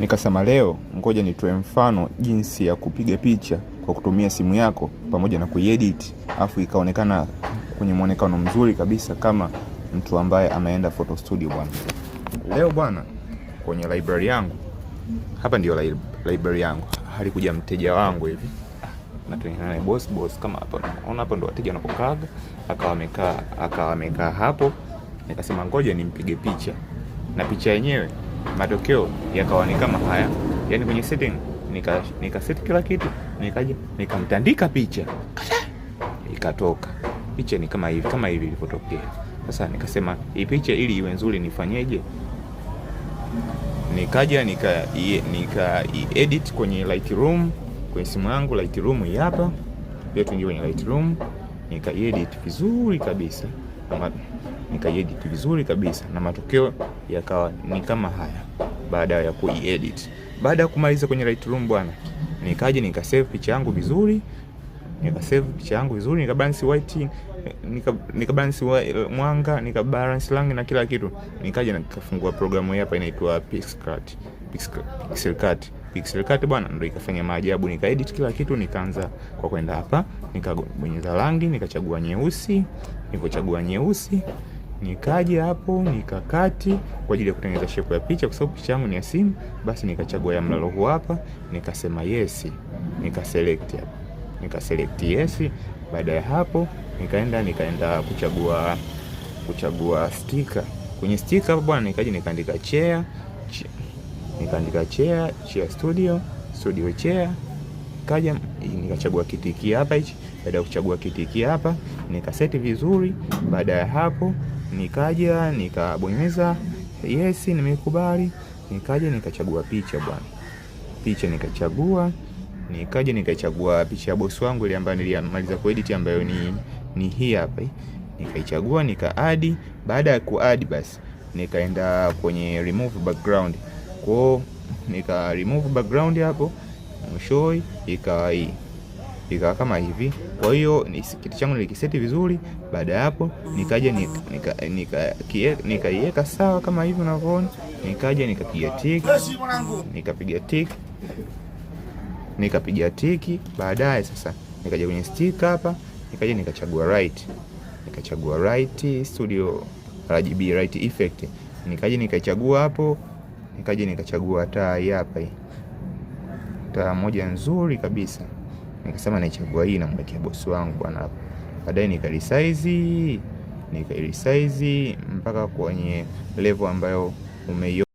Nikasema leo ngoja nitoe mfano jinsi ya kupiga picha kwa kutumia simu yako pamoja na kuiedit, afu ikaonekana kwenye mwonekano mzuri kabisa kama mtu ambaye ameenda photo studio bwana. Leo bwana, kwenye library yangu hapa, ndio library yangu, halikuja mteja wangu hivi natengenana naye boss boss, kama hapo unaona, hapo ndo wateja wanapokaa, akawa amekaa akawa amekaa hapo. Nikasema ngoja nimpige picha na picha yenyewe matokeo yakawa ni kama haya, yani kwenye setting nika nika set kila kitu, nikaja nikamtandika picha ikatoka picha ni kama hivi kama hivi ilipotokea. Sasa nikasema hii picha ili iwe nzuri nifanyeje? Nikaja nika nika edit kwenye Lightroom kwenye simu yangu Lightroom hii hapa, pia tuingie kwenye Lightroom nika edit vizuri kabisa nikaiedit vizuri kabisa, na matokeo yakawa ni kama haya baada ya kuiedit. Baada ya kumaliza kwenye Lightroom bwana, nikaje nikasave picha yangu vizuri, nikasave picha yangu vizuri, nikabalance white, nikabalance mwanga, nikabalance rangi na kila kitu. Nikaja nikafungua programu hii hapa, inaitwa Pixcut, PixCut pixel cut bwana, ndio ikafanya maajabu. Nika edit kila kitu, nikaanza kwa kwenda hapa, nikabonyeza rangi, nikachagua nyeusi, nikochagua nyeusi nikaja hapo nikakati kwa ajili ya kutengeneza shape ya picha, kwa sababu picha yangu ni ya simu. Basi nikachagua ya mlalo huu hapa, nikasema yes, nikaselect hapa, nikaselect yes. Baada ya hapo, nikaenda nikaenda kuchagua kuchagua stika. Kwenye stika hapo bwana, nikaja nikaandika chair nikaandika chair, chair studio, studio chair, kaja nikachagua kiti hiki hapa hichi. Baada ya kuchagua kiti hiki hapa, nikaseti vizuri. Baada ya hapo, nikaja nikabonyeza yes, nimekubali. Nikaja nikachagua picha bwana, picha nikachagua nikaja nikachagua picha ya bosi wangu ile ambayo nilimaliza kuedit ambayo ni, ni hii hapa. hii Nikaichagua nika add. Baada ya ku add basi nikaenda kwenye remove background kwao, nika remove background hapo, mshoi ikawa hii ikawa kama hivi. Kwa hiyo kitu changu nilikiseti vizuri. Baada ya hapo, nikaja nikaiweka nika, nika, nika sawa kama hivi unavyoona, nikaja nikapiga tiki, nikapiga tiki, nikapiga tiki. Baadaye sasa nikaja kwenye stick hapa, nikaja nikachagua right, nikachagua right studio RGB right effect, nikaja nikachagua hapo nikaja nikachagua taa hii hapa hii. Taa moja nzuri kabisa. Nikasema naichagua hii na mwekea bosi wangu bwana hapa. Baadaye nikalisize, nikailisize mpaka kwenye level ambayo umeiona.